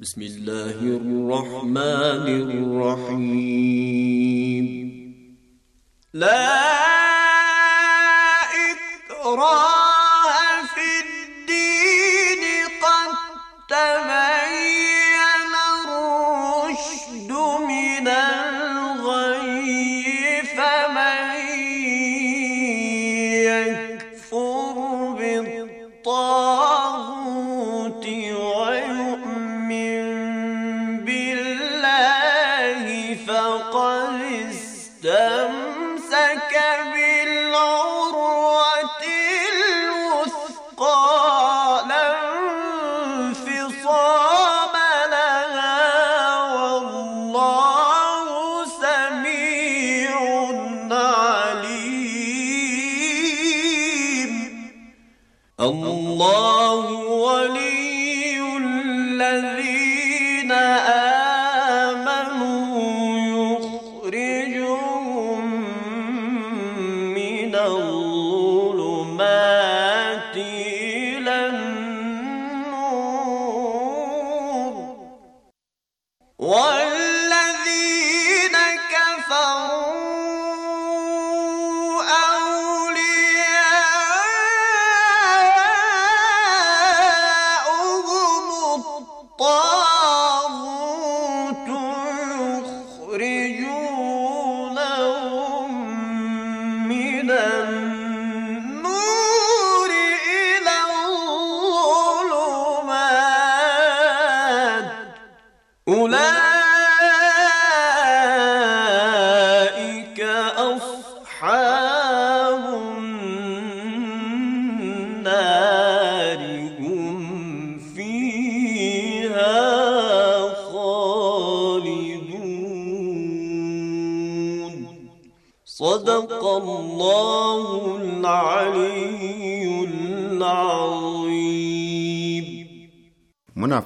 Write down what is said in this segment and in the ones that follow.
بسم الله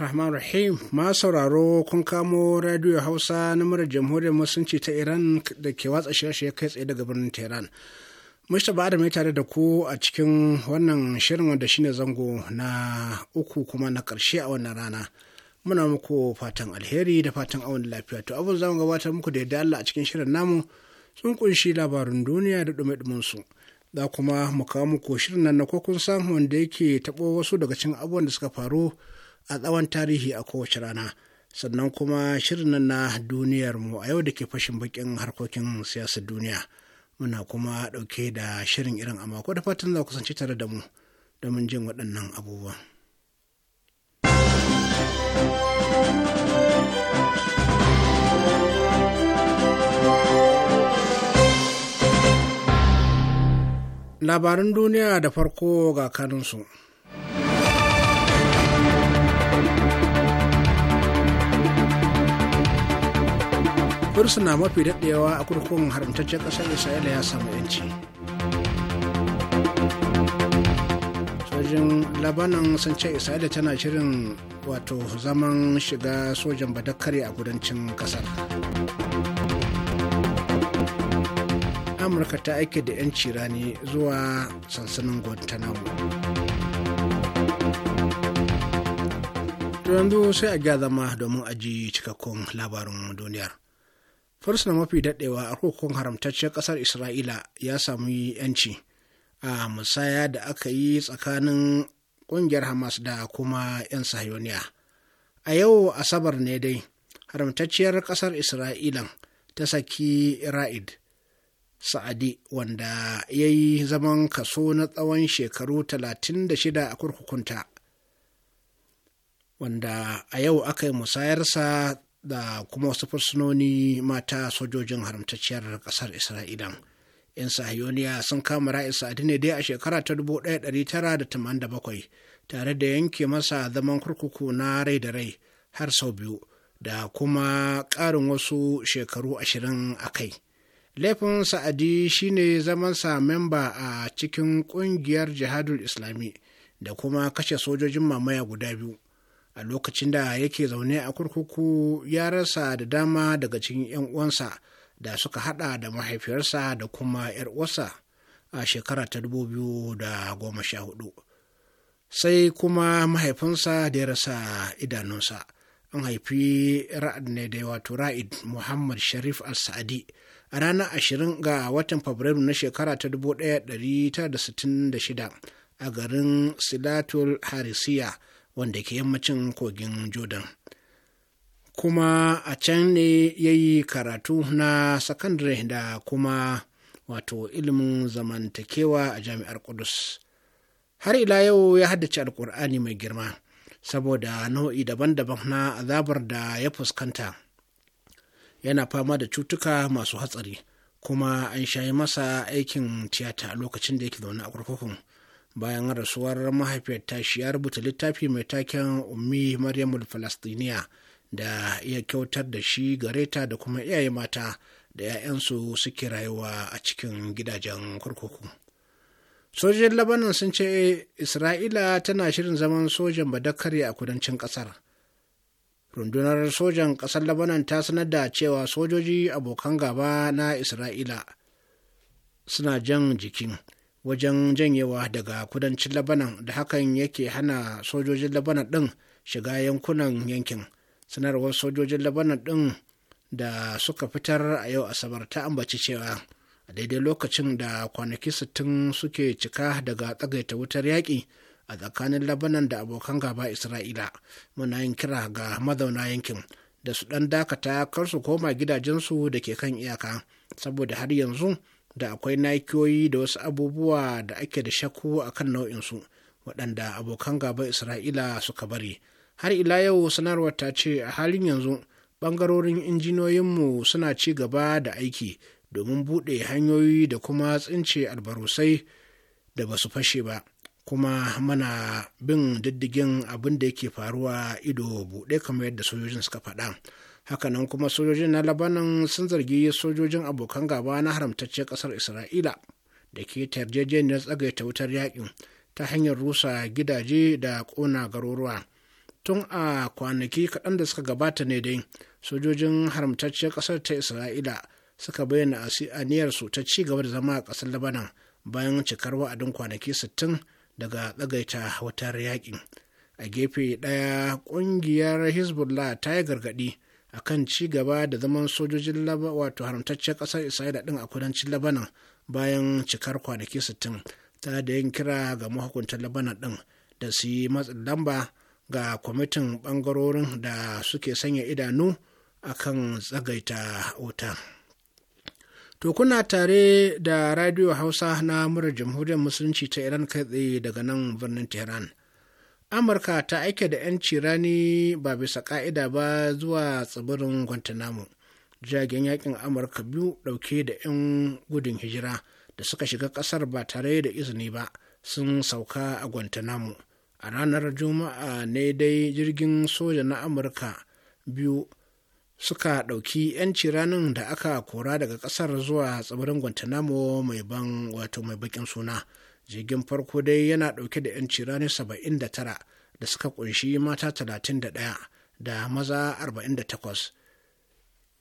rahman rahim ma sauraro kun kamo radio hausa na murar jamhuriyar musulunci ta iran da ke watsa shirye-shirye kai tsaye daga birnin tehran ba da mai tare da ku a cikin wannan shirin wanda shine zango na uku kuma na karshe a wannan rana muna muku fatan alheri da fatan awon lafiya to abin zamu gabatar muku da yadda allah a cikin shirin namu sun kunshi labarin duniya da dume su da kuma mu kawo muku shirin nan na kokun san wanda yake taɓo wasu daga cikin abubuwan da suka faru a tsawon tarihi a kowace rana sannan kuma shirin na duniyarmu a yau da ke fashin bakin harkokin siyasar duniya muna kuma ɗauke da shirin irin a mako da fatan za ku kasance tare da mu domin jin waɗannan abubuwan. Labarin duniya da farko ga kanunsu. na mafi daɗewa a kurkukun haramtaccen ƙasar isra'ila ya samu yanci sojin labanan sun ce isra'ila tana shirin wato zaman shiga sojan badakare a kudancin ƙasar amurka ta aike da 'yanci rani zuwa sansanin guantanamo yanzu sai a gya zama domin aji cikakkun labarin duniyar fursuna mafi daɗewa a kokon haramtaccen ƙasar isra'ila ya samu yanci a musaya da aka yi tsakanin ƙungiyar hamas da kuma 'yan sahiyoniya a yau asabar ne dai haramtacciyar ƙasar isra'ilan ta saki ra'id sa'adi wanda ya yi zaman kaso na tsawon shekaru 36 a kurkukunta wanda a yau aka yi musayarsa da kuma wasu fursunoni mata sojojin haramtacciyar ƙasar isra'ila yan sahiyoniya sun kama ra'in sa'adi ne dai a shekara ta 1987 tare da yanke masa zaman kurkuku na rai da rai har sau biyu da kuma ƙarin wasu shekaru ashirin a kai laifin sa'adi shine zamansa memba a cikin ƙungiyar jihadul islami da kuma kashe sojojin mamaya guda biyu a lokacin da yake zaune a kurkuku ya rasa da dama daga cikin 'yan uwansa da suka hada da mahaifiyarsa da kuma 'yar uwarsa a shekara ta 2014 sai kuma mahaifinsa da ya rasa idanunsa an haifi ra'ad ne da wato ra'id muhammad sharif al-sa'adi a ranar ashirin ga watan fabrairu na shekara ta shida a garin silatul harisiya wanda ke yammacin kogin jordan kuma a can ne ya yi karatu na sakandare da kuma wato ilimin zamantakewa a jami'ar kudus har ila yau ya haddace alkur'ani mai girma saboda nau'i daban-daban na azabar da ya fuskanta yana fama da cutuka masu hatsari kuma an shayi masa aikin tiyata lokacin da yake zaune a kurkukun bayan rasuwar mahaifiyar shi ya rubuta littafi mai taken ummi maryamul falastiniya da iya kyautar da shi gareta da kuma iyaye mata da 'ya'yansu suke rayuwa a cikin gidajen kurkuku Sojin labanan sun ce isra'ila tana shirin zaman sojan badakari a kudancin kasar rundunar sojan kasar labanan ta sanar da cewa sojoji abokan gaba na isra'ila suna jan jikin wajen janyewa daga kudancin labanan da hakan yake hana sojojin labanan ɗin shiga yankunan yankin sanarwar sojojin labanan ɗin da suka fitar a yau asabar ta ambaci cewa a daidai lokacin da kwanaki 60 suke cika daga tsagaita wutar yaƙi a tsakanin labanan da abokan gaba isra'ila muna yin kira ga mazauna yankin da su ɗan dakata kar su koma gidajensu da ke kan iyaka saboda har yanzu da akwai nakiyoyi da wasu abubuwa da ake da shakku a kan nau'insu waɗanda abokan gaban isra'ila suka bari har ila yau sanarwar ta ce a halin yanzu ɓangarorin injiniyoyinmu suna ci gaba da aiki domin buɗe hanyoyi da kuma tsince albarusai da ba su fashe ba kuma mana bin diddigin abin da yake faruwa ido buɗe kamar yadda sojojin suka faɗa hakanan kuma sojojin na labanan sun zargi sojojin abokan gaba na haramtacciyar kasar isra'ila da ke tarjejeniyar tsagaita wutar yakin ta hanyar rusa gidaje da kona garuruwa tun a kwanaki kaɗan da suka gabata ne dai sojojin haramtacciyar ƙasar ta isra'ila suka bayyana aniyarsu ta ci gaba da zama a ƙasar labanan bayan cikar wa'adin kwanaki sittin daga tsagaita wutar yaƙin. a gefe ɗaya ƙungiyar hezbollah ta yi gargaɗi akan ci gaba da zaman sojojin wato haramtaccen ƙasar isra'ila ɗin a kudancin labanan bayan cikar kwanaki 60 ta da yin kira ga mahukuntan labanan ɗin da su yi matsin lamba ga kwamitin ɓangarorin da suke sanya idanu akan tsagaita wuta. To kuna tare da Radio Hausa na murar Jamhuriyar Musulunci ta Iran kai tsaye daga nan birnin Tehran. amurka ta aike da 'yanci rani ba bisa ka'ida ba zuwa tsibirin guantanamo jiragen yakin amurka biyu dauke da 'yan gudun hijira da suka shiga kasar ba tare da izini ba sun sauka a guantanamo a ranar juma'a ne dai jirgin soja na amurka biyu suka ɗauki 'yanci ranin da aka kora daga ƙasar zuwa tsibirin guantanamo mai ban wato mai bakin suna jirgin farko dai yana ɗauke da yanci cirani 79 da suka kunshi mata 31 da maza 48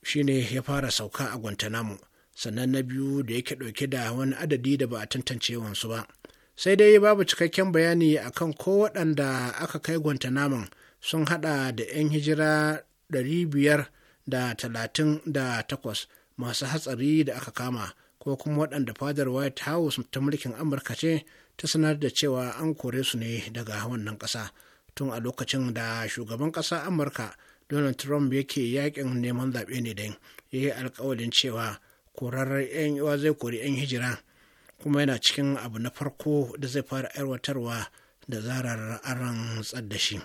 shine ya fara sauka a guantanamo sannan na biyu da yake ɗauke da wani adadi da ba a tantance wansu ba sai dai babu cikakken bayani akan ko waɗanda aka kai naman sun hada da 'yan hijira da 538 masu hatsari da aka kama ko kuma waɗanda fadar white house ta mulkin amurka ce ta sanar da cewa an kore su ne daga wannan ƙasa tun a lokacin da shugaban ƙasa amurka donald trump yake yakin neman zaɓe ne dai ya yi alkawalin cewa korar 'yan yawa zai kori 'yan hijira kuma yana cikin abu na farko da zai fara aiwatarwa da zarar aran tsaddashi. shi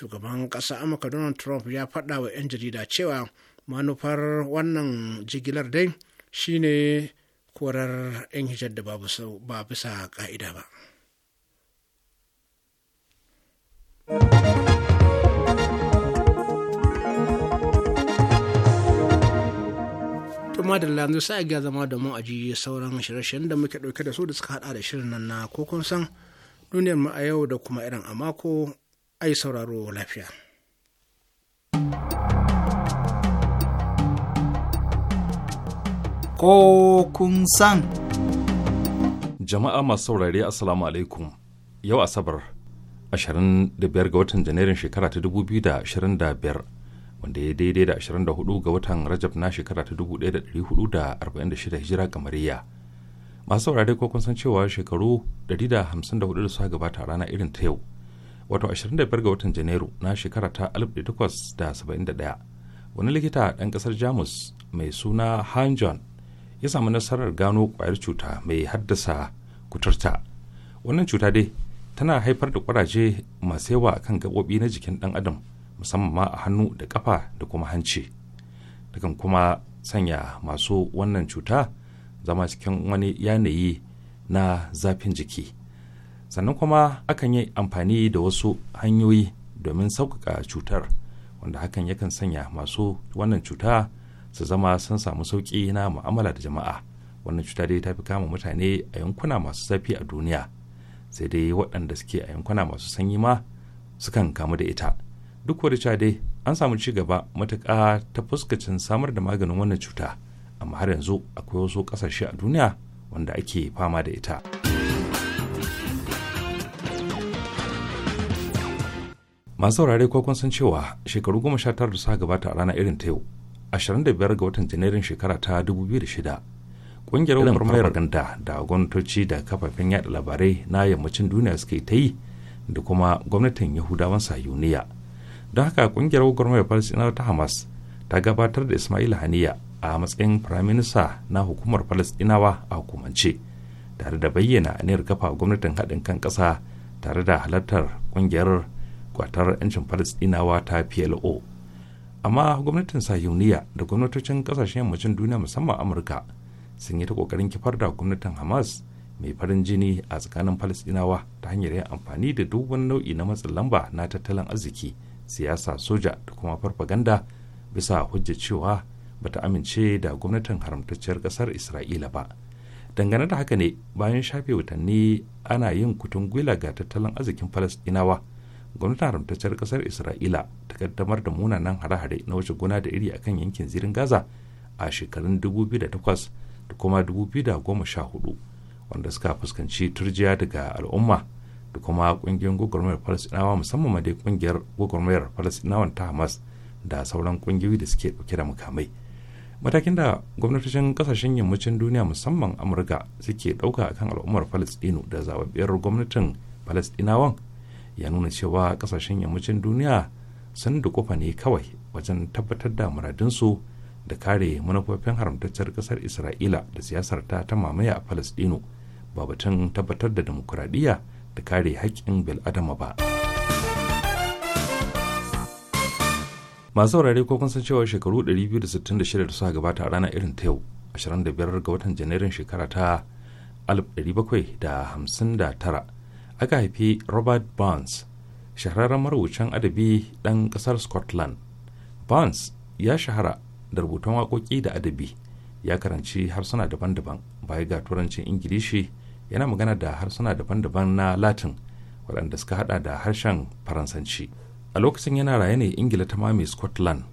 shugaban ƙasa amurka donald trump ya faɗa wa 'yan jarida cewa manufar wannan jigilar dai shine korar 'yan hijar da ba bisa ka'ida ba. kuma da lanzu sai ga zama da mu aji sauran shirye da muke ɗauke da su da suka hada da shirin nan na kokon san duniyar mu a yau da kuma irin a mako ai sauraro lafiya. ko kun san. Jama'a masu saurare Assalamu alaikum yau Asabar 25 ga watan Janairun shekara ta 2025 wanda ya daidai da 24 ga watan Rajab na shekara ta 1446 hijira Mariya Masu saurare ko kun san cewa shekaru 154 da suka gabata a rana irin ta yau wato 25 ga watan Janairu na shekara ta 1871 wani likita ɗan ƙasar Jamus mai suna Hanjon ya samu nasarar gano kwayar cuta mai haddasa kuturta wannan cuta dai tana haifar da ƙuraje masu yawa kan gaɓoɓi na jikin ɗan adam musamman ma a hannu da ƙafa da kuma hanci takan kuma sanya masu wannan cuta zama cikin wani yanayi na zafin jiki sannan kuma akan yi amfani da wasu hanyoyi domin sauƙaƙa cutar wanda hakan yakan sanya masu wannan cuta su zama sun samu sauƙi na mu'amala da jama'a wannan cuta dai ta fi kama mutane a yankuna masu zafi a duniya sai dai waɗanda suke a yankuna masu sanyi ma sukan kamu da ita duk wani cewa dai an samu ci gaba matuƙa ta fuskacin samar da maganin wannan cuta amma har yanzu akwai wasu ƙasashe a duniya wanda ake fama da ita. masu saurare ko san cewa shekaru goma sha tara da suka gabata a rana irin ta yau 25 ga watan janairun shekara ta 2006 ƙungiyar gwamnatin ganda da gwamnatoci da kafafen yaɗa labarai na yammacin duniya suke ta yi da kuma gwamnatin yahudawan sayuniya don haka ƙungiyar gwamnatin palestinawa ta hamas ta gabatar da ismail haniya a matsayin firaminista na hukumar falasinawa a hukumance tare da bayyana aniyar kafa gwamnatin haɗin kan ƙasa tare da halartar ƙungiyar gwatar 'yancin palestinawa ta plo amma gwamnatin sayuniya da gwamnatocin kasashen yammacin duniya musamman amurka sun yi ta kokarin kifar da gwamnatin hamas mai farin jini a tsakanin falasdinawa ta hanyar yin amfani da duk wani nau'i na matsin lamba na tattalin arziki siyasa soja da kuma farfaganda bisa hujja cewa ba ta amince da gwamnatin haramtacciyar kasar isra'ila ba dangane da haka ne bayan shafe watanni ana yin kutun gwila ga tattalin arzikin falasdinawa gwamnatin haramtacciyar kasar isra'ila ta kaddamar da munanan hare-hare na wuce gona da iri akan yankin zirin gaza a shekarun 2008 da kuma 2014 wanda suka fuskanci turjiya daga al'umma da kuma kungiyar gwagwarmayar falasinawa musamman ma dai kungiyar gwagwarmayar falasinawan ta hamas da sauran kungiyoyi da suke dauke da mukamai matakin da gwamnatocin kasashen yammacin duniya musamman amurka suke dauka akan al'ummar falasdino da zababbiyar gwamnatin falasdinawan ya nuna cewa kasashen yammacin duniya sun da kofa ne kawai wajen tabbatar da muradinsu da kare manufofin haramtacciyar kasar isra'ila da siyasar ta ta mamaya a palestino ba batun tabbatar da demokuraɗiyya da kare haƙƙin bil'adama ba masu saurare ko kun cewa shekaru 266 da suka gabata a ranar irin ta yau 25 ga watan janairun shekara ta 1759 aka haifi robert barnes shahararren marubucin adabi ɗan ƙasar scotland barnes ya shahara da rubutun waƙoƙi da adabi ya karanci harsuna daban-daban baya ga turancin ingilishi yana magana da harsuna daban-daban na latin waɗanda suka hada da harshen faransanci a lokacin yana raye ne ingila ta mame scotland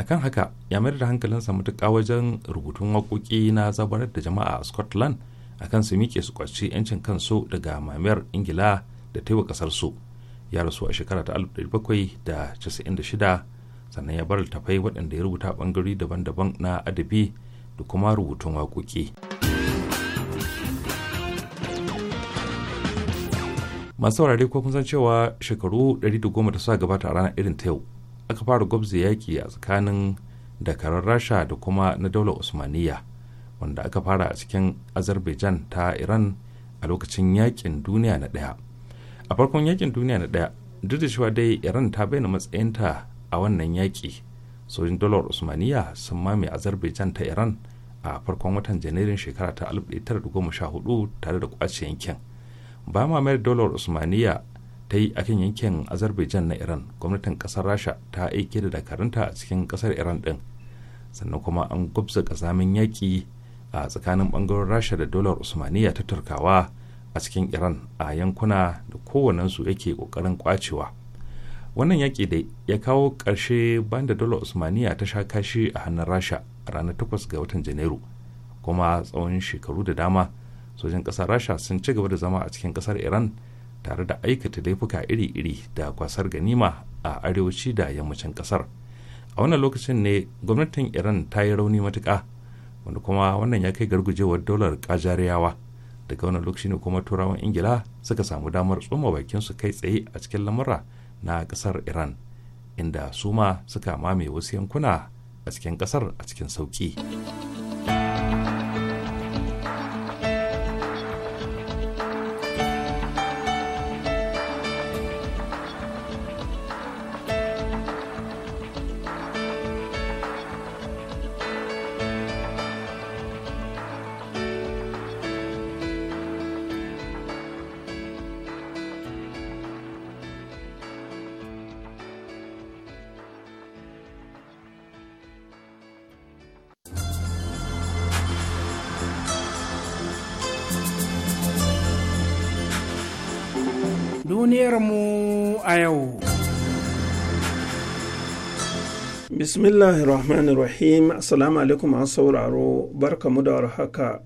akan haka ya mayar da hankalinsa matuƙa wajen rubutun waƙoƙi na zabarar da jama'a a scotland a kan su miƙe su kwaci 'yancin kansu daga mamayar ingila da ta yi wa su ya rasu a shekara ta da da shida sannan ya bar littafai waɗanda ya rubuta ɓangare daban-daban na adabi da kuma rubutun waƙoƙi. masu saurari ko kun san cewa shekaru 110 da sa gabata a ranar irin ta yau aka fara gwabza yaƙi a tsakanin dakarar rasha da kuma na daular usmaniyya wanda aka fara a cikin azerbaijan ta iran a lokacin yakin duniya na ɗaya a farkon yakin duniya na ɗaya duk da cewa dai iran ta bayyana matsayinta a wannan yaki sojin dolar usmaniya sun mame azerbaijan ta iran a farkon watan janairun shekara ta 1914 tare da kwace yankin ba mamayar dolar usmaniya ta yi akan yankin azerbaijan na iran gwamnatin kasar rasha ta aike da dakarunta a cikin kasar iran din sannan kuma an gwabza kazamin yaki. a tsakanin bangaren rasha da dolar usmaniya ta turkawa a cikin iran a yankuna da kowanensu yake kokarin kwacewa wannan yaƙi da ya kawo ƙarshe banda dolar usmaniya ta sha kashi a hannun rasha a ranar 8 ga watan janairu kuma tsawon shekaru da dama sojin ƙasar rasha sun ci gaba da zama a cikin ƙasar iran tare da aikata laifuka iri-iri da kwasar ganima a arewaci da yammacin ƙasar a wannan lokacin ne gwamnatin iran ta yi rauni matuƙa wanda kuma wannan ya kai gargujewar dolar kajariyawa daga wannan lokaci ne kuma turawan ingila suka samu damar tsoma bakin su kai tsaye a cikin lamura na kasar iran inda su ma suka mame wasu yankuna a cikin kasar a cikin sauki. bismillahirrahmanirrahim assalamu alaikum an sauraro barkamu da warhaka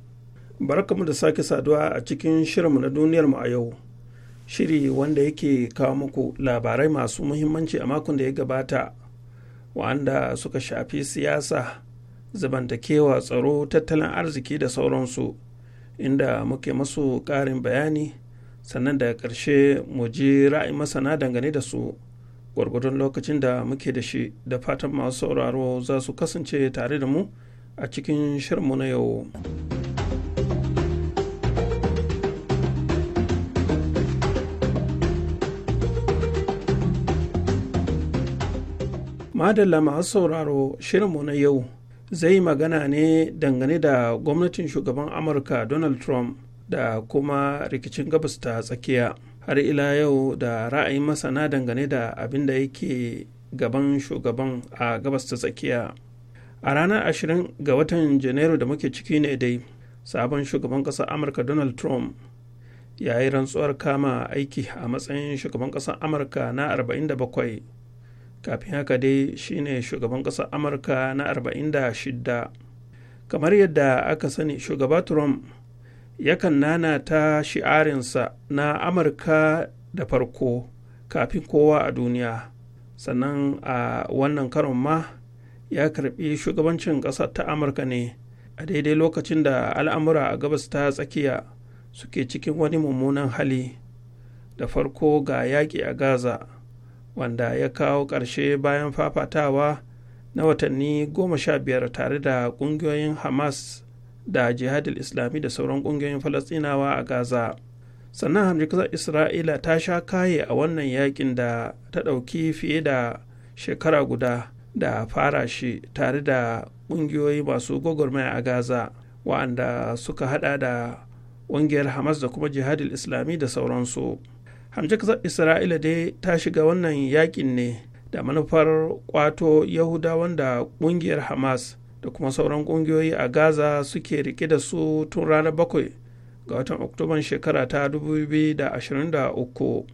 barkamu da sake saduwa a cikin shirinmu na duniyarmu a yau shiri wanda yake kawo muku labarai masu muhimmanci a makon da ya gabata wanda suka shafi siyasa zamantakewa tsaro tattalin arziki da sauransu inda muke masu ƙarin bayani sannan da karshe mu ji ra'ayin masana dangane da su gwargwadon lokacin da muke da shi da fatan masu sauraro za su kasance tare da mu a cikin shirinmu na yau. Madalla masu sauraro shirinmu na yau zai magana ne dangane da gwamnatin shugaban Amurka Donald Trump da kuma rikicin gabas ta tsakiya. har ila yau da ra'ayin masana dangane da abin da yake gaban shugaban a gabas ta tsakiya a ranar 20 ga watan janairu da muke ciki ne dai sabon shugaban ƙasar amurka donald trump ya yi rantsuwar kama aiki a matsayin shugaban ƙasar amurka na 47 kafin haka dai shine shugaban ƙasar amurka na 46 kamar yadda aka sani shugaba trump yakan nana ta shi'arinsa na amurka da farko kafin kowa a duniya sannan a wannan karon ma ya karbi shugabancin ƙasa ta amurka ne a daidai lokacin da al'amura a gabas ta tsakiya suke cikin wani mummunan hali da farko ga yaƙi a gaza wanda ya kawo ƙarshe bayan fafatawa na watanni goma sha biyar tare da ƙungiyoyin hamas da jihadin islami da sauran ƙungiyoyin falastinawa a gaza sannan hamjikasar isra'ila ta sha kaye a wannan yakin da ta ɗauki fiye da shekara guda da fara shi tare da ƙungiyoyi masu gwagwarmaya a gaza wa'anda suka hada da ƙungiyar hamas da kuma jihadin islami da sauransu hamjikasar isra'ila dai ta shiga wannan yakin ne da manufar kwato yahudawan da ƙungiyar hamas da kuma sauran ƙungiyoyi a gaza suke rike da su tun ranar bakwai ga watan oktoban shekara ta 2023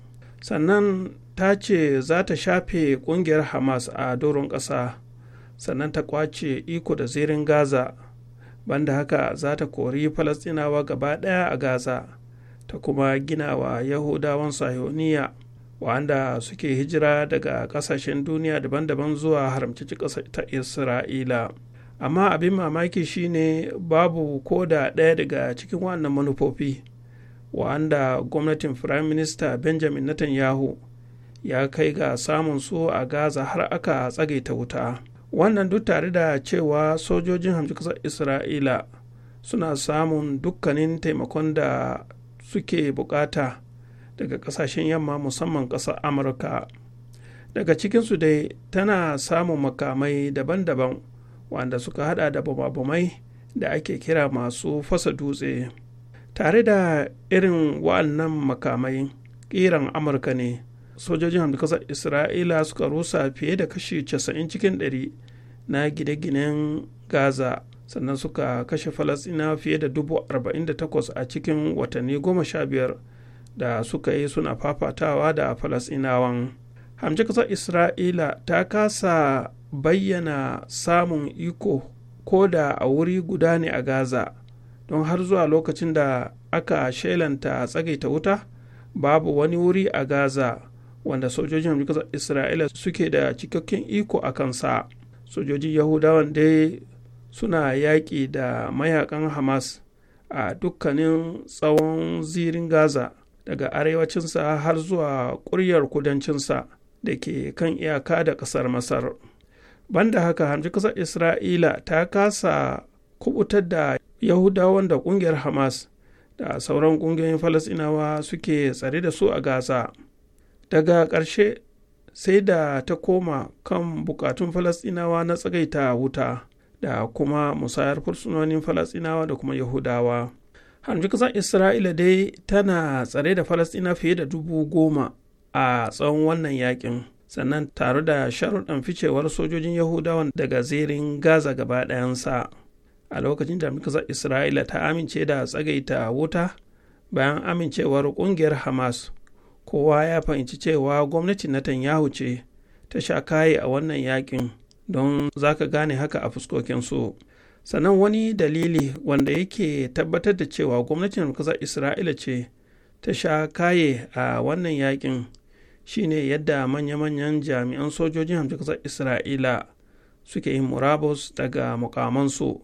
sannan ta ce za ta shafe ƙungiyar hamas a doron ƙasa sannan ta kwace iko da zirin gaza banda haka za ta kori falastinawa gaba ɗaya a gaza ta kuma gina wa yahudawan sayoniya wanda suke hijira daga ƙasashen duniya daban-daban zuwa haramci ƙasa ta isra'ila amma abin mamaki shine babu ko da ɗaya daga cikin wannan manufofi wanda gwamnatin firayim minista benjamin netanyahu ya kai ga samun su a gaza har aka tsage ta wuta wannan duk tare da cewa sojojin hamshi ƙasar isra'ila suna samun dukkanin taimakon da suke bukata daga kasashen yamma musamman ƙasar amurka daga cikinsu dai tana samun makamai daban-daban wanda suka hada da bumabumai da ake kira masu fasa dutse tare da irin wa'annan makamai kiran amurka ne sojojin hamdukasar isra'ila suka rusa fiye da kashi 90 cikin 100 na gine-ginen gaza sannan suka kashe falasina fiye da 48,000 a cikin watanni 15 da suka yi suna fafatawa da falasinawan Kasar isra'ila ta kasa bayyana samun iko ko da a wuri guda ne a gaza don har zuwa lokacin da aka shelanta tsagaita wuta babu wani wuri a gaza wanda sojojin amurka isra'ila suke da cikakken iko a kansa sojojin yahudawan dai suna yaƙi da mayakan hamas a dukkanin tsawon zirin gaza daga arewacinsa har zuwa ƙuryar kudancinsa da ke kan iyaka da ƙasar masar banda haka hamshi kasar isra'ila ta kasa kubutar da yahudawan da kungiyar hamas da sauran kungiyoyin falasinawa suke tsare da su a gaza daga ƙarshe sai da ta koma kan bukatun falasinawa na tsagaita wuta da kuma musayar fursunonin falasinawa da kuma yahudawa hamshi kasar isra'ila dai tana tsare da falasina fiye da dubu goma a tsawon wannan yakin sannan tare da sharuɗan ficewar sojojin yahudawan daga zirin gaza gaba ɗayansa a lokacin da muka isra'ila ta amince da tsagaita wuta bayan amincewar ƙungiyar hamas kowa ya fahimci cewa gwamnati na Tanyahu ce ta sha kayi a wannan yakin don za ka gane haka a fuskokinsu sannan wani dalili wanda yake tabbatar da cewa gwamnatin kasar isra'ila ce ta sha kaye a wannan yakin shine yadda manya-manyan jami'an sojojin hamshin kasar isra'ila suke yin murabus daga mukamansu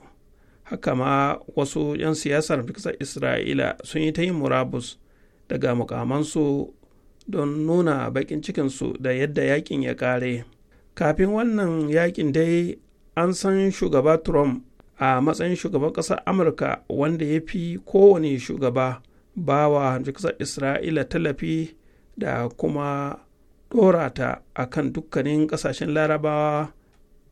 haka ma wasu 'yan siyasar hamshin kasar isra'ila sun yi ta yin murabus daga mukamansu don nuna bakin cikinsu da yadda yakin ya ƙare. kafin wannan yakin dai an san shugaba trump a matsayin shugaban ƙasar amurka wanda ya fi kowane shugaba bawa hamshin kasar isra'ila tallafi da kuma ɗorata a kan dukkanin ƙasashen larabawa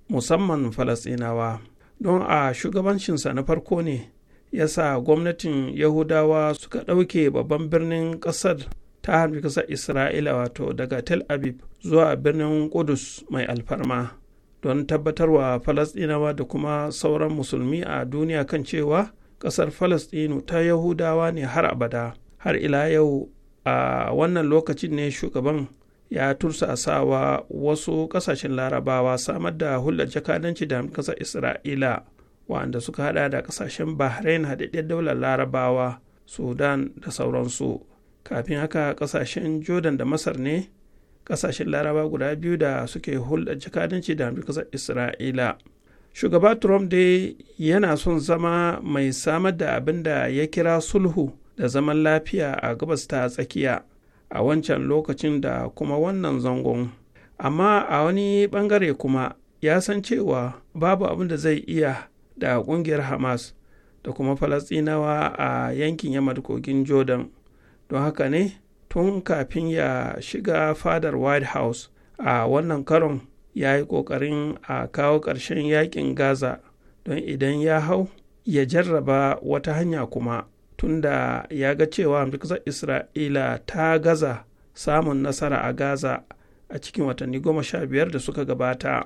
musamman falasɗinawa don a shugabancinsa na farko ne ya sa gwamnatin yahudawa suka ɗauke babban birnin ƙasar ta harbi ƙasar isra'ila wato daga tel aviv zuwa birnin kudus mai alfarma don tabbatarwa falasɗinawa da kuma sauran musulmi a duniya kan cewa ƙasar falasɗinu ta yahudawa ne har abada har ila yau a wannan lokacin ne shugaban ya tursa sawa wasu kasashen larabawa samar da hulɗar jakadanci da kasar isra'ila wanda suka hada da kasashen bahrain hadaddiyar daular larabawa sudan da sauransu kafin haka kasashen jordan da masar ne kasashen laraba guda biyu da suke hulɗa jakadanci da ƙasar isra'ila shugaba trump dai yana son zama mai samar da abin da ya kira sulhu da zaman lafiya a gabas ta tsakiya a wancan lokacin da kuma wannan zangon amma a wani bangare kuma ya san cewa babu abin da zai iya da kungiyar hamas da kuma falasɗinawa a yankin yamma kogin jordan don haka ne tun kafin ya shiga fadar white house a wannan karon ya yi ƙoƙarin a kawo ƙarshen yakin gaza don idan ya hau ya jarraba wata hanya kuma tunda ya ga cewa amurkasar isra'ila ta gaza samun nasara a gaza a cikin watanni goma sha biyar da suka gabata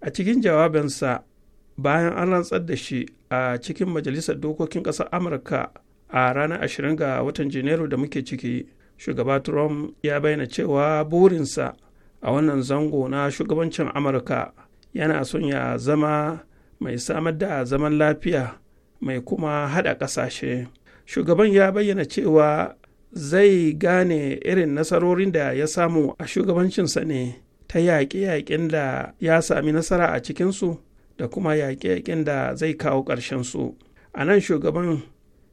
a cikin jawabinsa bayan an rantsar da shi a cikin majalisar dokokin ƙasar amurka a ranar 20 ga watan janairu da muke ciki shugaba trump ya bayyana cewa burinsa a wannan zango na shugabancin amurka yana son ya zama mai samar da zaman lafiya mai kuma haɗa ƙasashe shugaban ya bayyana cewa zai gane irin nasarorin da ya samu a shugabancinsa ne ta yaƙe-yaƙen da ya sami nasara a cikinsu da kuma yaƙe-yaƙen da zai kawo ƙarshensu a nan shugaban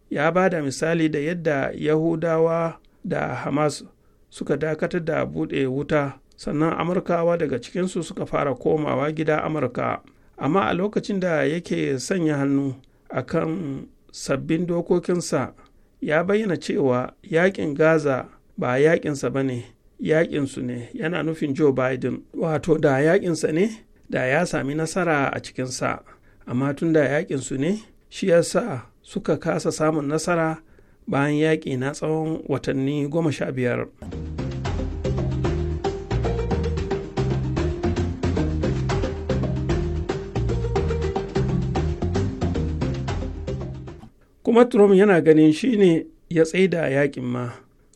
ya ba da misali da yadda yahudawa da hamas suka dakatar da buɗe wuta sannan amurkawa daga cikinsu suka fara komawa gida amurka amma a lokacin da yake sanya hannu a kan sabbin dokokinsa ya bayyana cewa yakin gaza ba yakinsa ba ne yakinsu ne yana nufin joe biden wato da yakinsa ne da ya sami nasara a cikinsa amma tun da yakinsu ne shi yasa suka kasa samun nasara bayan yaƙi na tsawon watanni goma sha biyar. kuma trump yana ganin shi ne ya tsaida yakin ma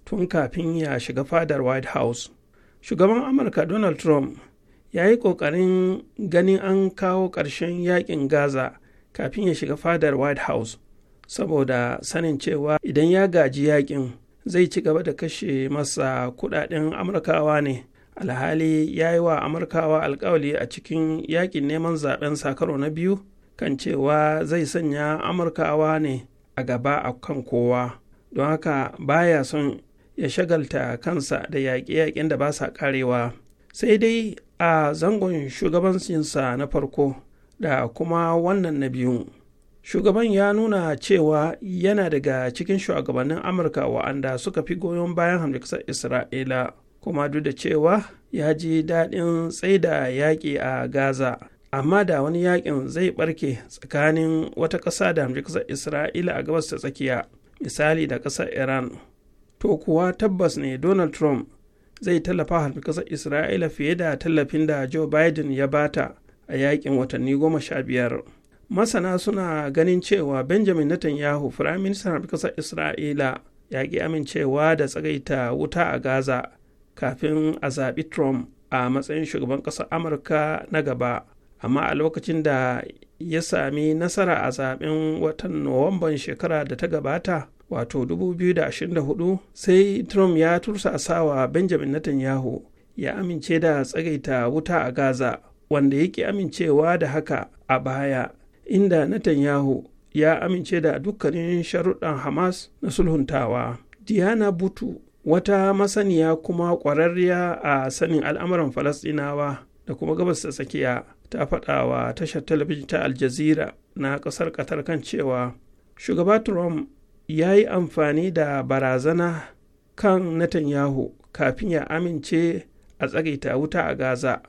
tun kafin ya shiga fadar white house shugaban amurka donald trump ya yi ƙoƙarin ganin an kawo ƙarshen yakin gaza kafin ya shiga fadar white house saboda sanin cewa idan ya gaji yakin zai ci gaba da kashe masa kudaden amurkawa ne alhali ya yi wa amurkawa alkawali a cikin yakin neman zaben sakaro na biyu kan cewa zai sanya amurkawa ne a gaba a kan kowa don haka baya son ya shagalta kansa da yaƙe-yaƙen da ba sa ƙarewa sai dai a zangon shugabancinsa na farko da kuma wannan na biyu shugaban ya nuna cewa yana daga cikin shugabannin amurka wa'anda suka fi goyon bayan hamdukasar isra'ila kuma duk da cewa ya ji daɗin tsaida yaƙi a gaza amma da wani yakin zai barke tsakanin wata ƙasa da hamshe ƙasar isra'ila a gabas ta tsakiya misali da ƙasar iran to kuwa tabbas ne donald trump zai tallafa hamshe ƙasar isra'ila fiye da tallafin da joe biden ya bata a yakin watanni goma sha biyar masana suna ganin cewa benjamin netanyahu firaministan hamshe ƙasar isra'ila ya ƙi amincewa da tsagaita wuta a gaza kafin a zaɓi trump a matsayin shugaban ƙasar amurka na gaba amma a lokacin da ya sami nasara a zaben watan nuwamban shekara da ta gabata wato 2024 sai trump ya tursasawa benjamin netanyahu ya amince da tsagaita wuta a gaza wanda yake amincewa da haka a baya inda netanyahu ya amince da dukkanin sharuɗan hamas na sulhuntawa diana butu wata masaniya kuma ƙwararriya a sanin al'amuran falasɗinawa da kuma gabas ta tsakiya ta faɗa wa tashar talabijin ta al na ƙasar qatar kan cewa shugaba trump ya yi amfani da barazana kan netanyahu kafin ya amince a tsagaita wuta a gaza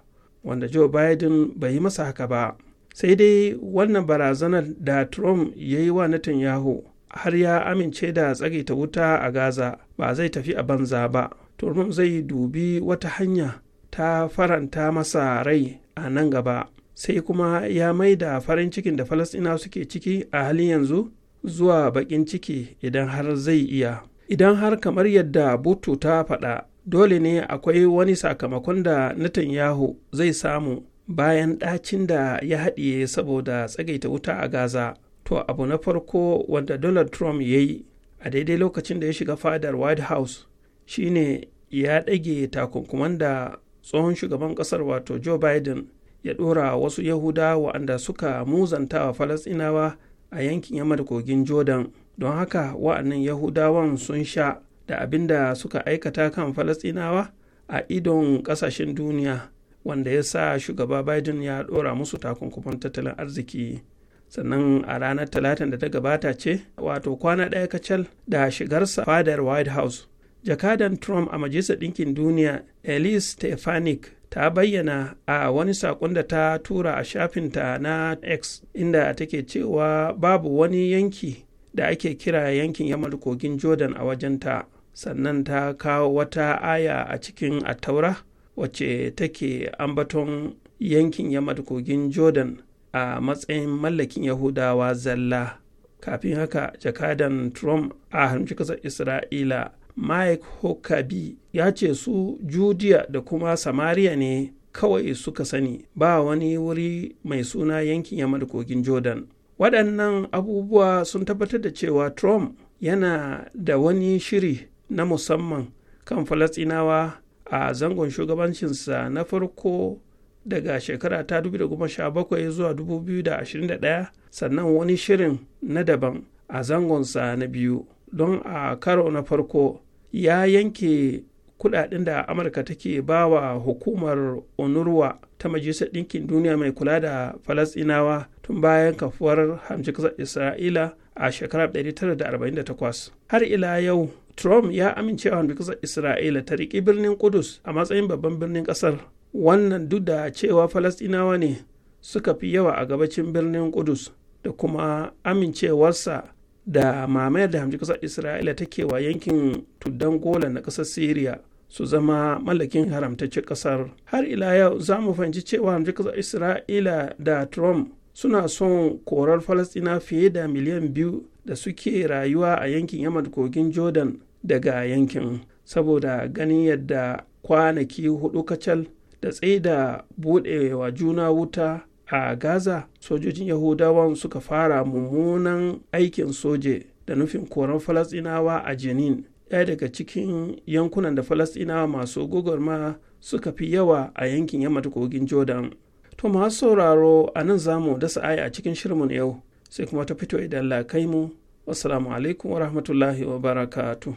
wanda joe biden bai yi masa haka ba sai dai wannan barazanar da trump ya yi wa netanyahu har ya amince da tsagaita wuta a gaza ba zai tafi a banza ba trump zai dubi wata hanya ta faranta masa rai a nan gaba sai kuma ya mai da farin cikin da falasɗinawa suke ciki a halin yanzu zuwa bakin ciki idan har zai iya idan har kamar yadda butu ta faɗa dole ne akwai wani sakamakon da yahu zai samu bayan ɗacin da ya haɗiye saboda tsagaita wuta a Gaza. To abu na farko wanda Donald Trump ya yi a daidai lokacin da ya shiga fadar White House shine ya ɗage takunkuman da tsohon shugaban kasar wato joe biden ya ɗora wasu yahuda wa'anda suka muzanta wa falasɗinawa a yankin yamma kogin jordan don haka wa'annan yahudawan sun sha da abin da suka aikata kan falasɗinawa a idon kasashen duniya wanda ya sa shugaba biden ya dora musu takunkuman tattalin arziki sannan a ranar talatin da ta gabata ce wato kwana ɗaya kacal da shigarsa fadar white house jakadan trump a majalisar ɗinkin duniya elise stefanik ta bayyana a wani saƙon da ta tura a shafinta na x inda take cewa babu wani yanki da ake kira yankin ya kogin jordan a wajenta sannan ta kawo wata aya a cikin attaura wacce take ambaton yankin ya kogin jordan a matsayin mallakin yahudawa zalla kafin haka jakadan trump a hamshi kasar isra'ila mike huckabee ya ce su Judea da kuma Samaria ne kawai suka sani ba wani wuri mai suna yankin yamma da kogin jordan waɗannan abubuwa sun tabbatar da cewa trump yana da wani shiri na musamman kan falasinawa a zangon shugabancinsa na farko daga shekara ta 2017 zuwa 2021 sannan wani shirin na daban a zangonsa na biyu don a karo na farko ya yanke kudaden da amurka take ba wa hukumar onurwa ta majalisar ɗinkin duniya mai kula da falasinawa tun bayan kafuwar hamshin ƙasar isra'ila a shekarar 1948 har ila yau trump ya amincewa hamshin ƙasar isra'ila ta riƙi birnin kudus a matsayin babban birnin ƙasar wannan duk da cewa falasinawa ne suka fi yawa a gabacin birnin kudus da kuma amincewarsa da mamayar da hamji kasar isra'ila take wa yankin tuddan gola na kasar syria su zama mallakin haramtaccen kasar har ila yau za mu fahimci cewa hamji kasar isra'ila da trump suna son korar falastina fiye da miliyan biyu da suke rayuwa a yankin yamma kogin jordan daga yankin saboda ganin yadda kwanaki hudu kacal da tsaye da buɗewa juna wuta a gaza sojojin yahudawan suka fara mummunan aikin soje da nufin koran falasɗinawa a jenin ɗaya daga cikin yankunan da falasɗinawa masu ma suka fi yawa a yankin yammata kogin jordan to masu sauraro a nan za mu dasa aya a cikin na yau sai kuma ta fito idan la kai mu wassalamu alaikum wa rahmatullahi wa barakatu.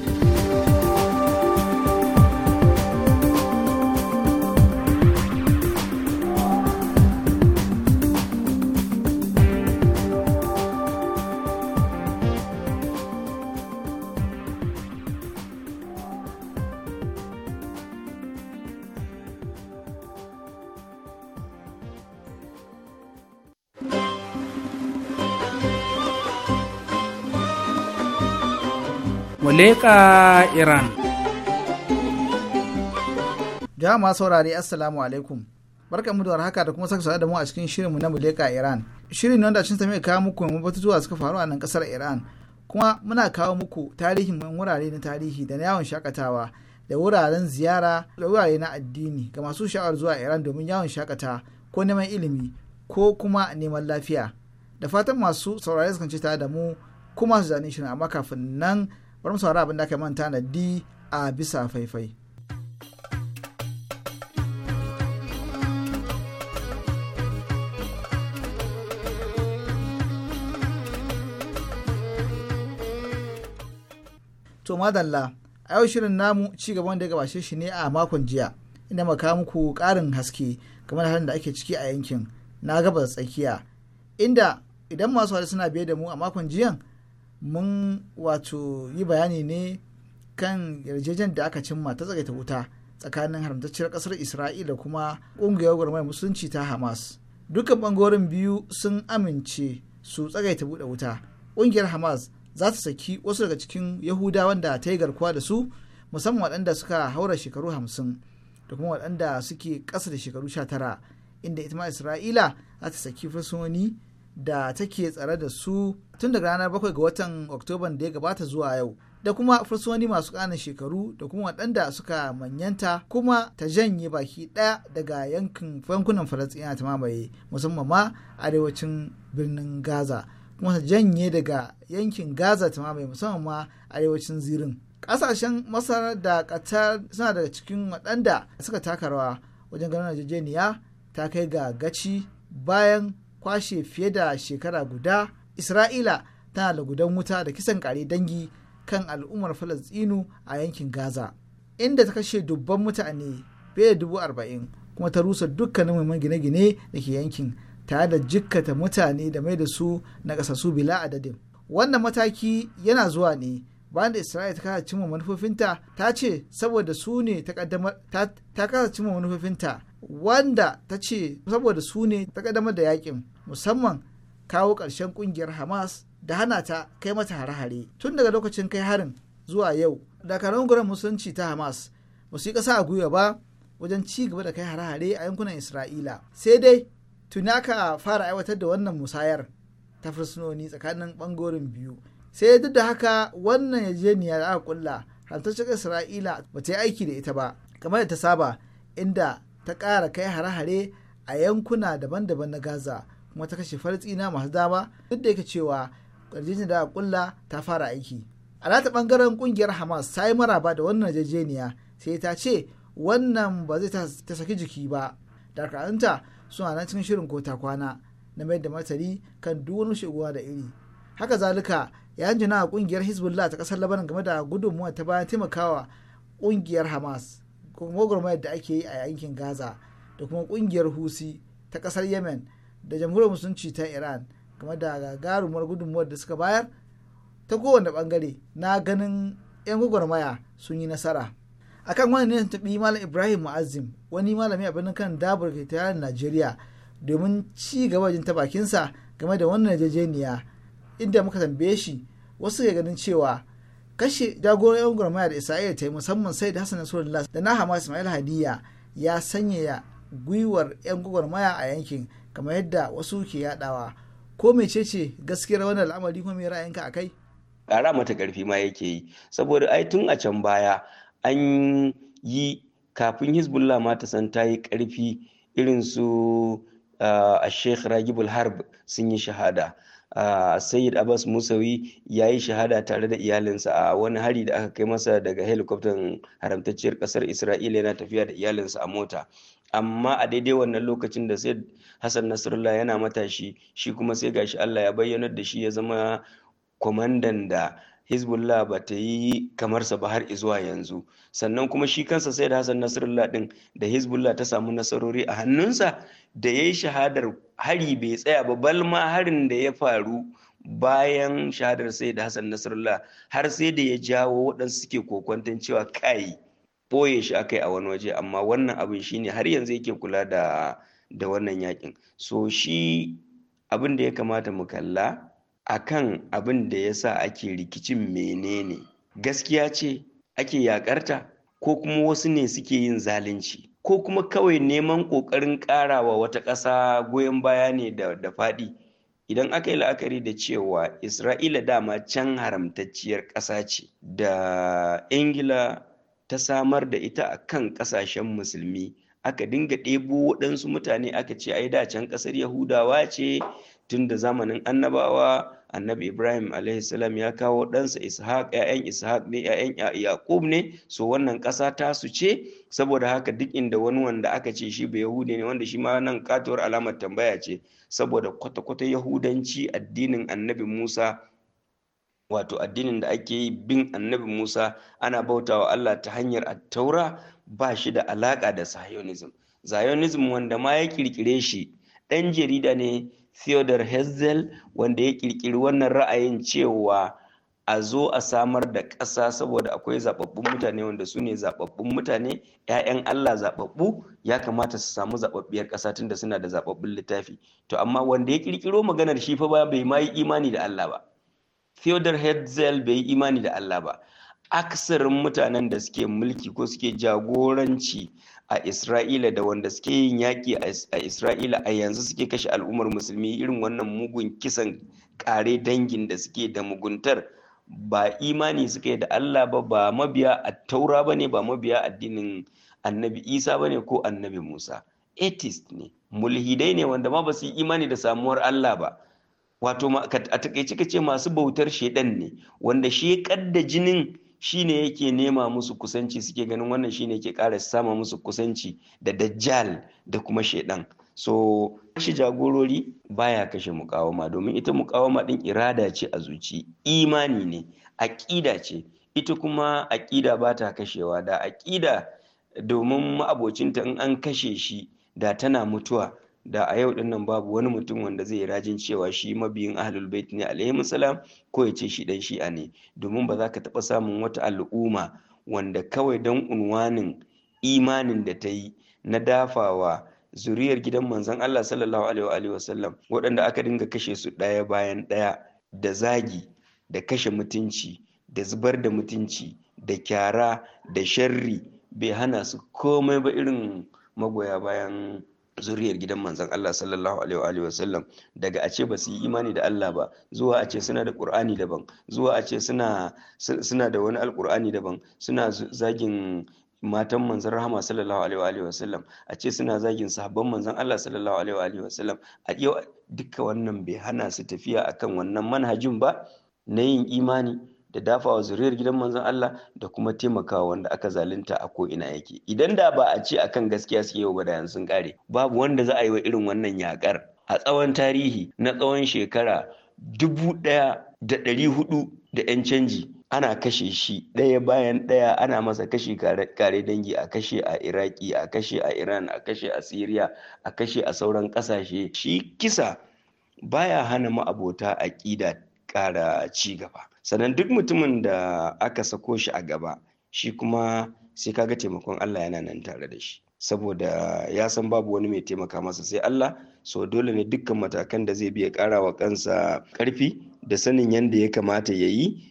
leƙa iran jama'a saurari assalamu alaikum barka mu da warhaka da kuma saka da mu a cikin shirinmu na muleka iran shirin ne wanda cin mai kawo muku mu batutuwa suka faru a nan kasar iran kuma muna kawo muku tarihin wurare na tarihi da na yawon shakatawa da wuraren ziyara da wurare na addini ga masu sha'awar zuwa iran domin yawon shakata ko neman ilimi ko kuma neman lafiya da fatan masu saurare su ci tare da mu kuma su zane shirin amma kafin nan bari mu saurari abin da aka manta na di a bisa faifai to madalla a yau shirin namu ci gaban da ya gabashe shi ne a makon jiya inda maka muku ƙarin haske game da halin da ake ciki a yankin na gabas tsakiya inda idan masu hada suna biye da mu a makon jiyan mun wato yi bayani ne kan yarjejen da aka cimma ta tsagaita wuta tsakanin haramtacciyar kasar isra'ila da kuma ƙungiyar gwamnati musulunci ta hamas dukkan bangorin biyu sun amince su tsagaita buɗe wuta ƙungiyar hamas za ta saki wasu daga cikin yahudawan da ta yi garkuwa da su musamman waɗanda suka haura shekaru hamsin da kuma waɗanda suke ƙasa da shekaru sha tara inda ita ma isra'ila za ta saki fursunoni da take tsare da su tun daga ranar bakwai ga watan oktoban da ya gabata zuwa yau da kuma fursoni masu ƙanan shekaru da kuma waɗanda suka manyanta kuma ta janye baki ɗaya daga yankin yankunan falasɗina ta mamaye musamman ma arewacin birnin gaza kuma ta janye daga yankin gaza ta mamaye musamman ma arewacin zirin ƙasashen masar da ƙatar suna daga cikin waɗanda suka taka rawa wajen ganin yarjejeniya ta kai ga gaci bayan kwashe fiye da shekara guda isra'ila tana da gudan wuta da kisan kare dangi kan al'ummar falastinu a yankin gaza inda ta kashe dubban mutane fiye da dubu arba'in kuma ta rusa dukkanin muhimman gine-gine da ke yankin tare da jikkata mutane da mai da su na kasassu bila adadin wannan mataki yana zuwa ne bayan da isra'ila ta kasa cimma manufofinta ta ce saboda su ne ta kasa cimma manufofinta wanda ta ce saboda su ne ta ƙaddamar da yakin musamman kawo ƙarshen ƙungiyar hamas da hana ta kai mata hare-hare tun daga lokacin kai harin zuwa yau dakarun gurin musulunci ta hamas ba su yi ƙasa a gwiwa ba wajen ci gaba da kai hare-hare a yankunan isra'ila sai dai tuni aka fara aiwatar da wannan musayar ta fursunoni tsakanin ɓangoren biyu sai duk da haka wannan yarjejeniya da aka kulla cikin isra'ila ba ta yi aiki da ita ba kamar da ta saba inda ta ƙara kai hare-hare a yankuna daban-daban na gaza kuma ta kashe falastina masu dama duk da yake cewa yarjejeniyar da kulla ta fara aiki a ɓangaren ɓangaren ƙungiyar hamas ta yi maraba da wannan yarjejeniya sai ta ce wannan ba zai ta saki jiki ba dakarunta suna nan cikin shirin kota kwana na mayar da martani kan duk wani shigowa da iri haka zalika ya jina a hezbollah ta ƙasar labanan game da gudunmuwa ta bayan taimakawa ƙungiyar hamas kuma gwagwarmayar da ake yi a yankin gaza da kuma kungiyar husi ta kasar yemen da jamhuriyar musulunci ta iran game da gagarumar gudunmuwar da suka bayar ta kowane bangare na ganin 'yan gwagwarmaya sun yi nasara a kan wani ne tabi malam ibrahim mu'azzim wani malami a birnin kan dabar ke ta najeriya domin ci gaba jin ta bakinsa game da wannan yarjejeniya inda muka tambaye shi wasu ke ganin cewa kashe jagororin gwamnati da isra'ila ta yi musamman sai da hassan nasarullah da na hama ismail hadiya ya sanyaya gwiwar 'yan gwagwarmaya a yankin kamar yadda wasu ke yadawa ko mecece gaskiyar wannan al'amari kuma me ra'ayinka kai. ƙara mata karfi ma yake yi saboda ai tun a can baya an yi kafin hezbollah ma ta san ta yi ƙarfi irin su a ah, sheikh ragibul harb sun yi shahada sayyid abbas musawi ya yi shahada tare da iyalinsa a wani hari da aka kai masa daga helikoftan haramtacciyar kasar isra'ila yana tafiya da iyalinsa a mota amma a daidai wannan lokacin da sai hassan nasrullah yana matashi shi kuma sai gashi allah ya bayyana da shi ya zama kwamandan da hezbollah ba ta yi kamar sa ba har zuwa yanzu sannan kuma shi kansa sai da hassan nasrullah din da hezbollah ta samu nasarori a hannunsa da ya yi shahadar hari bai tsaya ba balma harin da ya faru bayan shahadar sai da hassan nasrullah har sai da ya jawo waɗansu suke kokwantan cewa kai ɓoye shi akai a wani waje amma wannan abin shine har yanzu yake kula da da wannan yakin so shi abin da ya kamata mu kalla A kan abin da ya sa ake rikicin menene gaskiya ce ake yakarta ko kuma wasu ne suke yin zalunci ko kuma kawai neman ƙoƙarin ƙarawa wata ƙasa goyon baya ne da faɗi idan aka yi la'akari da cewa isra'ila dama can haramtacciyar ƙasa ce da ingila ta samar da ita a kan ƙasashen musulmi aka dinga ɗebo waɗansu mutane aka ce ai da can ƙasar yahudawa ce tun da zamanin annabawa annabi ibrahim salam ya kawo ɗansa ishaq ‘ya'yan ishaq ne ‘ya'yan yaqub ne so wannan ƙasa su ce saboda haka duk inda wani wanda aka ce shi bai yahudi ne wanda shi ma nan katuwar alamar tambaya ce saboda kwata-kwata yahudanci addinin annabi musa wato addinin da ake yi bin annabi musa ana bautawa allah ta hanyar attaura ba shi da alaƙa da zionism zionism wanda ma ya ƙirƙire shi ɗan jarida ne theodor herzl wanda ya kirkiri wannan ra'ayin cewa a zo a samar da ƙasa saboda akwai zaɓaɓɓun mutane wanda su ne zaɓaɓɓun mutane 'ya'yan Allah zaɓaɓɓu ya kamata su samu zaɓaɓɓiyar ƙasa tun da suna da zaɓaɓɓun littafi to amma wanda ya ƙirƙiro maganar shi fa bai ma yi imani da Allah ba Theodor Herzl bai yi imani da Allah ba aksarin mutanen da suke mulki ko suke jagoranci a Isra'ila da wanda suke yin yaƙi a Isra'ila a yanzu suke kashe al'ummar musulmi irin wannan mugun kisan ƙare dangin da suke da muguntar ba imani suke da Allah ba ba mabiya a taura ba ne ba mabiya addinin annabi Isa ba ne ko annabi Musa atheist ne mulhidai ne wanda ma ba su yi imani da samuwar Allah ba wato a takaice ce masu bautar shedan ne wanda shi ya kadda jinin shine yake nema musu kusanci suke ganin wannan shine yake ƙara sama musu kusanci da dajjal da kuma shaidan so shi jagorori baya kashe mukawama domin ita mukawama din irada ce a zuci imani ne aƙida ce ita kuma aƙida ba ta kashewa da aƙida domin ma'abocinta in an kashe shi da tana mutuwa da a yau dinnan babu wani mutum wanda zai rajin cewa shi mabiyin ahlul bait ne alaihi ko ya ce shi dan shi'a ne domin ba za ka taɓa samun wata al'umma wanda kawai dan unwanin imanin da ta yi na dafawa zuriyar gidan manzon Allah sallallahu alaihi wasallam waɗanda aka dinga kashe su ɗaya bayan ɗaya da zagi da kashe mutunci da zubar da mutunci da kyara da sharri bai hana su komai ba irin magoya bayan zuriyar gidan manzon Allah sallallahu alaihi wa sallam daga a ce ba su yi imani da Allah ba zuwa a ce suna da Qur'ani daban zuwa a ce suna suna da wani alqur'ani daban suna zagin matan manzon rahama sallallahu alaihi wa sallam a ce suna zagin sahabban manzon Allah sallallahu alaihi wa sallam a yau duka wannan bai hana su tafiya akan wannan manhajin ba na yin imani da dafawa zuriyar gidan manzon Allah da kuma taimakawa wanda aka zalunta a ko ina yake idan da ba a ce akan gaskiya suke yau ba da sun kare babu wanda za a yi wa irin wannan yakar a tsawon tarihi na tsawon shekara dubu ɗaya da ɗari hudu da 'yan canji ana kashe shi ɗaya bayan ɗaya ana masa kashe kare dangi a kashe a iraki a kashe a iran a kashe a siriya a kashe a sauran ƙasashe shi kisa baya hana ma'abota aƙida ƙara ci gaba sannan duk mutumin da aka sako shi a gaba shi kuma sai kaga taimakon Allah yana nan tare da shi saboda ya san babu wani mai taimaka masa sai Allah so dole ne dukkan matakan da zai biya kara wa kansa karfi da sanin yadda ya kamata ya yi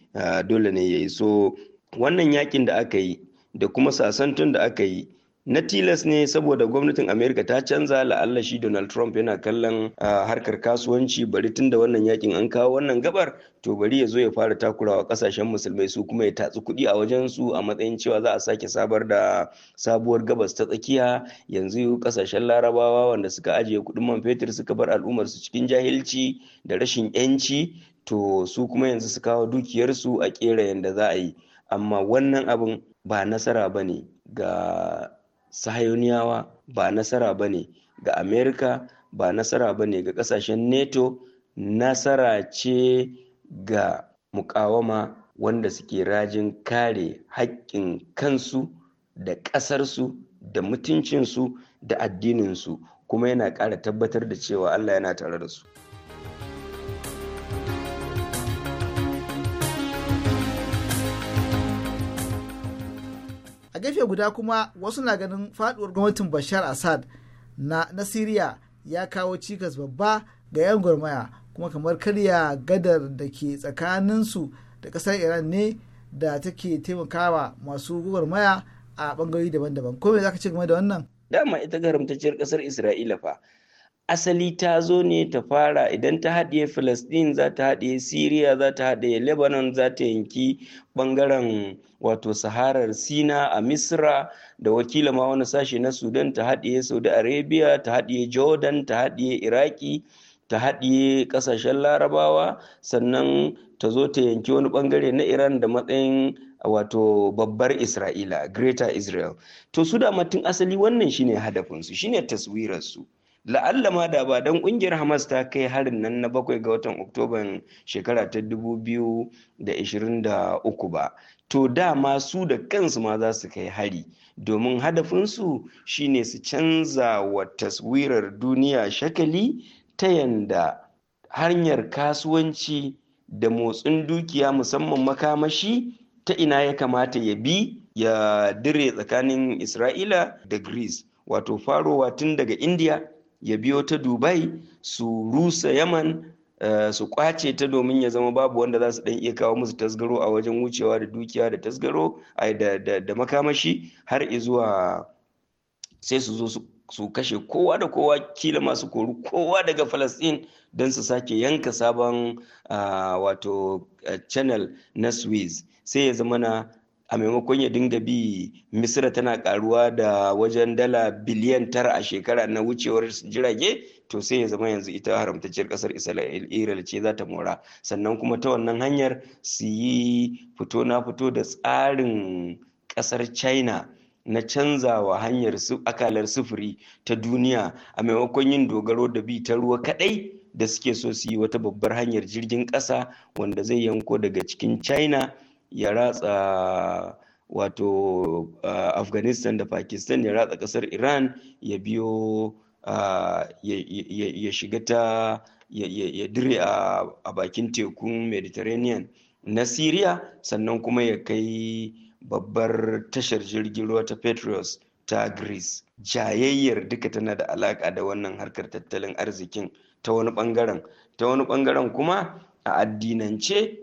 dole ne ya yi so wannan yakin da aka yi da kuma sasantun da aka yi na tilas ne saboda gwamnatin amerika ta canza la'alla shi donald trump yana kallon harkar kasuwanci bari tun da wannan yakin an kawo wannan gabar to bari ya zo ya fara takura wa kasashen musulmai su kuma ya tatsi kuɗi a wajen su a matsayin cewa za a sake sabar da sabuwar gabas ta tsakiya yanzu kasashen larabawa wanda suka ajiye kuɗin man fetur suka bar al'ummar su cikin jahilci da rashin yanci to su kuma yanzu su kawo dukiyarsu a ƙera yanda za a yi amma wannan abin ba nasara ba ne ga sahayoniyawa ba nasara ba ne ga amerika ba nasara ba ne ga kasashen neto nasara ce ga mukawama wanda suke rajin kare haƙƙin kansu da ƙasarsu da mutuncinsu da addininsu kuma yana ƙara tabbatar da cewa Allah yana tare da su. A gefe guda kuma wasu na ganin faɗuwar gwamnatin Bashar asad na, na ya kawo cikas babba ga 'yan gwarmaya kuma kamar karya gadar da ke tsakaninsu da ƙasar iran ne da take taimakawa masu gwagwarmaya a ɓangarori daban-daban ko za ka ce game da wannan dama ita garamtacciyar ƙasar isra'ila fa asali ta zo ne ta fara idan ta haɗiye Filistin za ta haɗiye Siriya za ta haɗiye Lebanon za ta yanki ɓangaren wato Saharar Sina a Misra da wakila ma wani sashe na Sudan ta haɗiye Saudi Arabia ta haɗiye Jordan ta haɗiye Iraki. ta haɗiye ƙasashen larabawa sannan ta zo ta yanki wani ɓangare na iran da matsayin wato babbar isra'ila greater israel to su da matin asali wannan shine hadafinsu shine taswirarsu la'alla ma da ba don kungiyar hamas ta kai harin nan na bakwai ga watan oktoban shekara ta 2023 ba to dama su da kansu ma za su kai hari domin hadafinsu shine su canza wa taswirar duniya shakali ta yanda hanyar kasuwanci da motsin dukiya musamman makamashi ta ina ya kamata ya bi ya dire tsakanin isra'ila da greece wato farowa tun daga india ya biyo ta dubai su rusa yaman uh, su kwace ta domin ya zama babu wanda za su dan iya kawo musu tasgaro a wajen wucewa da dukiya da tasgaro da, da makamashi har zuwa sai su zo su su kashe kowa da kowa kila masu kori kowa daga falastin don su sake yanka sabon wato channel na suez sai ya zama na a maimakon ya dinga bi misira tana karuwa da wajen dala biliyan tara a shekara na wucewar jirage to sai ya zama yanzu ita haramtacciyar kasar isra'il ce za ta mora sannan kuma ta wannan hanyar su yi fito na fito da tsarin kasar china na canzawa hanyar akalar sufuri ta duniya a maimakon yin dogaro da bi ta ruwa kadai da suke so su yi wata babbar hanyar jirgin ƙasa wanda zai yanko daga cikin china ya ratsa wato afghanistan da pakistan ya ratsa ƙasar iran ya biyo ya shiga ta ya dire a bakin tekun mediterranean na syria sannan kuma ya kai babbar tashar jirgin ruwa ta petros ta greece jayayyar duka tana da alaƙa da wannan harkar tattalin arzikin ta wani bangaren ta wani bangaren kuma a addinance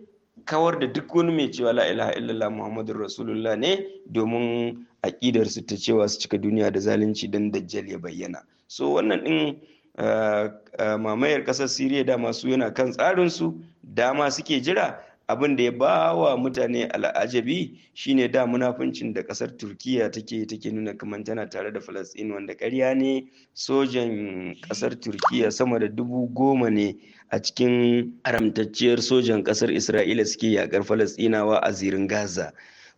kawar da duk wani mai cewa la ilaha illallah Muhammadu rasulullah ne domin aƙidarsu ta cewa su cika duniya da zalunci don dajjal ya bayyana so wannan ɗin eh, eh, mamayar ƙasar siriya dama su yana kan tsarinsu dama suke jira abin da ya ba wa mutane al'ajabi shine da munafuncin da kasar turkiya take take nuna kamar tana tare da falastin wanda karya ne sojan kasar turkiya sama da dubu goma ne a cikin haramtacciyar sojan kasar isra'ila suke yakar falasɗinawa a zirin gaza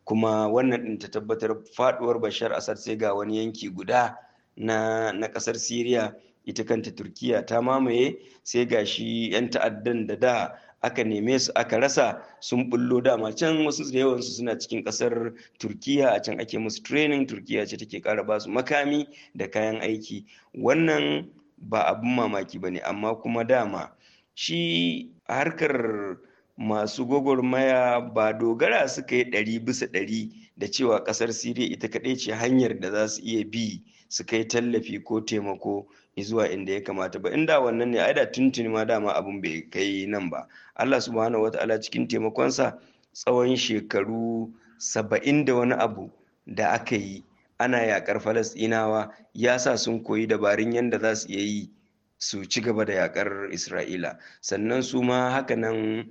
kuma wannan ɗin ta tabbatar faɗuwar bashar asad sai ga wani yanki guda na, na kasar syria ita kanta turkiya ta mamaye sai ga shi 'yan ta'addan da da aka neme su aka rasa sun bullo dama can wasu da yawansu suna cikin kasar turkiya a can ake musu training turkiya ce take kara ba su makami da kayan aiki wannan ba abin mamaki ba ne amma kuma dama shi harkar masu gwagwarmaya ba dogara suka yi ɗari bisa ɗari da cewa ƙasar siriya ita kaɗai ce hanyar da za su iya bi su kai tallafi ko taimako zuwa inda ya kamata ba inda wannan ne ai da tuntuni ma dama abin bai kai nan ba allah subhanahu wataala cikin taimakonsa tsawon shekaru saba'in da wani abu da aka yi ana yakar falasɗinawa ya sa sun koyi dabarun yadda za su iya yi su ci gaba da yakar isra'ila sannan su ma haka nan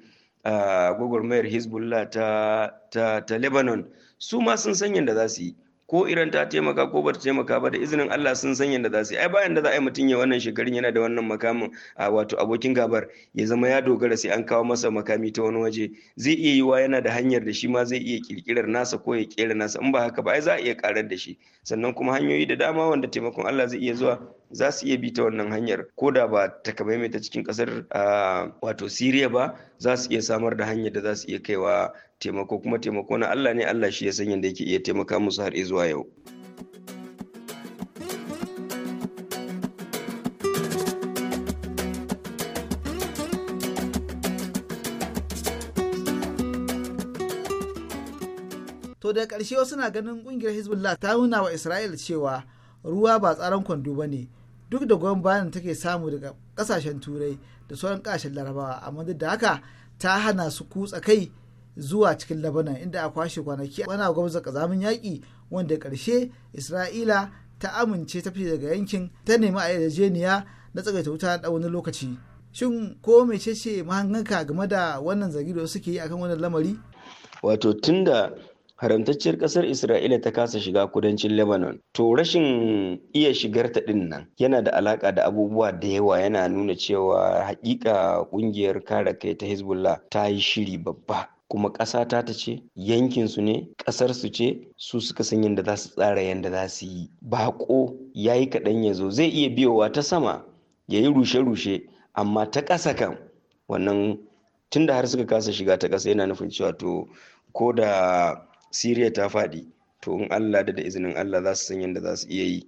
gwagwarmayar hezbollah ta, lebanon su ma sun san yadda za su yi ko iran ta taimaka ko bata taimaka ba da izinin Allah sun san yadda za su yi ai bayan da za a yi mutum ya wannan shekarun yana da wannan makamin a wato abokin gabar ya zama ya dogara sai an kawo masa makami ta wani waje zai iya yiwa yana da hanyar da shi ma zai iya kirkirar nasa ko ya kera nasa in ba haka ba ai za a iya karar da shi sannan kuma hanyoyi da dama wanda taimakon Allah zai iya zuwa za su iya bi ta wannan hanyar ko da ba mai ta cikin kasar wato siriya ba za su iya samar da hanyar da za su iya kaiwa taimako kuma taimako na Allah ne Allah shi ya san yadda yake iya taimaka musu har zuwa yau to da ƙarshe wasu na ganin ƙungiyar hezbollah ta nuna wa isra'il cewa ruwa ba tsaron kwando ba ne duk da gwamnati bayan take samu daga ƙasashen turai da sauran ƙasashen larabawa amma duk da haka ta hana su kutsa kai zuwa cikin labanan inda a kwashe kwanaki wani gwamza kazamin yaƙi wanda karshe isra'ila ta amince ta fice daga yankin ta nemi a yarjejeniya na tsagaita wuta na wani lokaci shin ko mecece mahanganka game da wannan zargi da suke yi akan wannan lamari wato tunda haramtacciyar kasar isra'ila ta kasa shiga kudancin lebanon to rashin iya ta din nan yana da alaka da abubuwa da yawa yana nuna cewa hakika ƙungiyar kare kai ta hezbollah ta yi shiri babba kuma ƙasa ta ta ce yankin su ne ƙasar su ce su suka san yadda za su tsara yadda za su yi baƙo ya yi kaɗan ya zo zai iya biyowa ta sama ya yi rushe-rushe amma ta ƙasa kan wannan tun da har suka kasa shiga ta ƙasa yana nufin cewa to ko da siriya ta faɗi to in allah da da izinin allah za su san yadda za su iya yi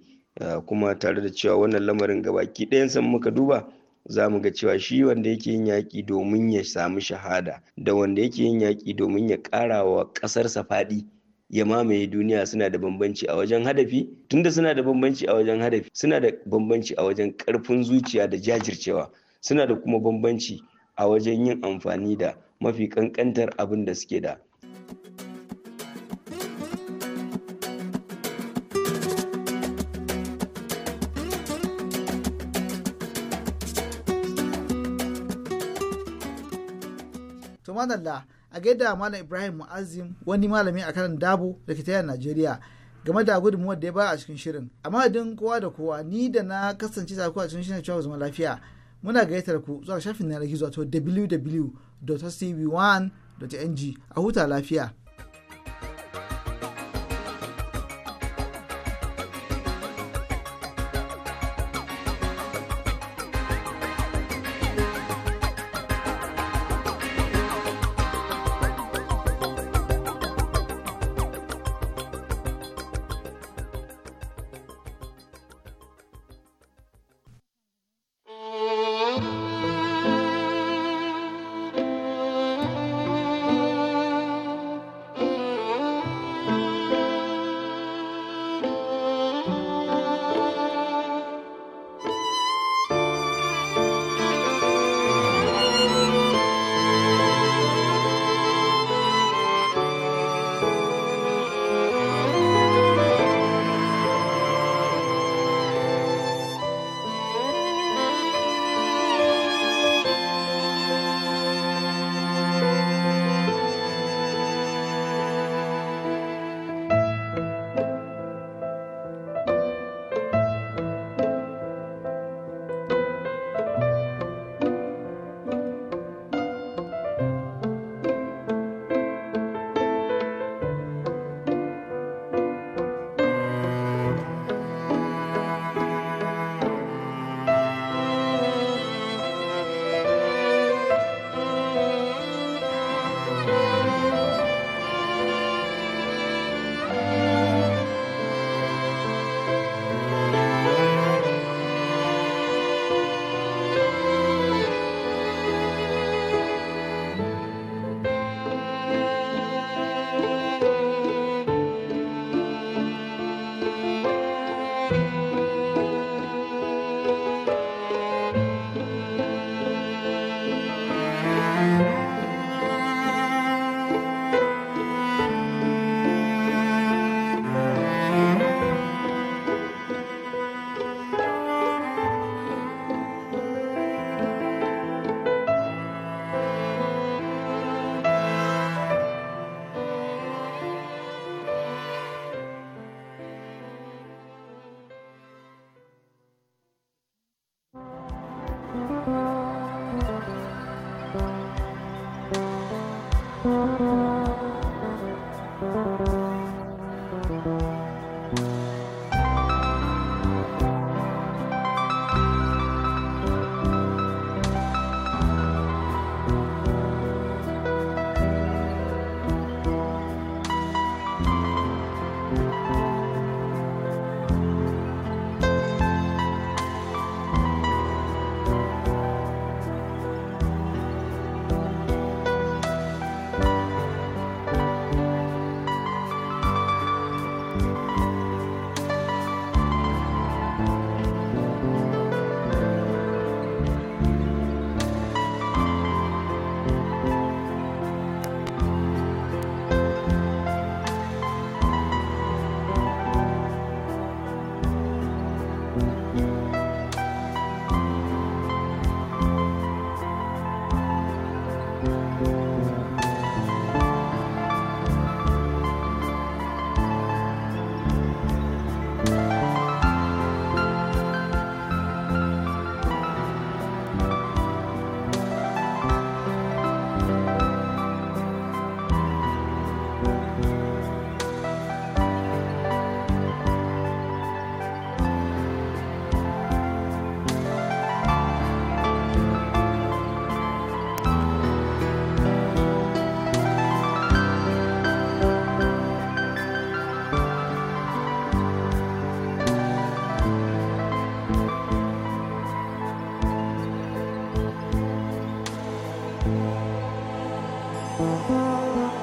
kuma tare da cewa wannan lamarin gabaki ɗayan san muka duba za mu ga cewa shi wanda yake yin yaƙi domin ya samu shahada da wanda yake yin yaƙi domin ya ƙara wa ƙasarsa faɗi ya mamaye duniya suna da bambanci a wajen hadafi tunda suna da bambanci a wajen hadafi suna da bambanci a wajen ƙarfin zuciya da jajircewa suna da kuma bambanci a wajen yin amfani da mafi ƙanƙantar abin da suke da. madalla a gaida malam ibrahim mu'azzim wani malami a kanan dabo da ke najeriya game da gudunmuwar da ya ba a cikin shirin a madadin kowa da kowa ni da na kasance tare a cikin shirin cewa zama lafiya muna gayyatar ku zuwa shafin na yanar gizo to wwwcb 1ng a huta lafiya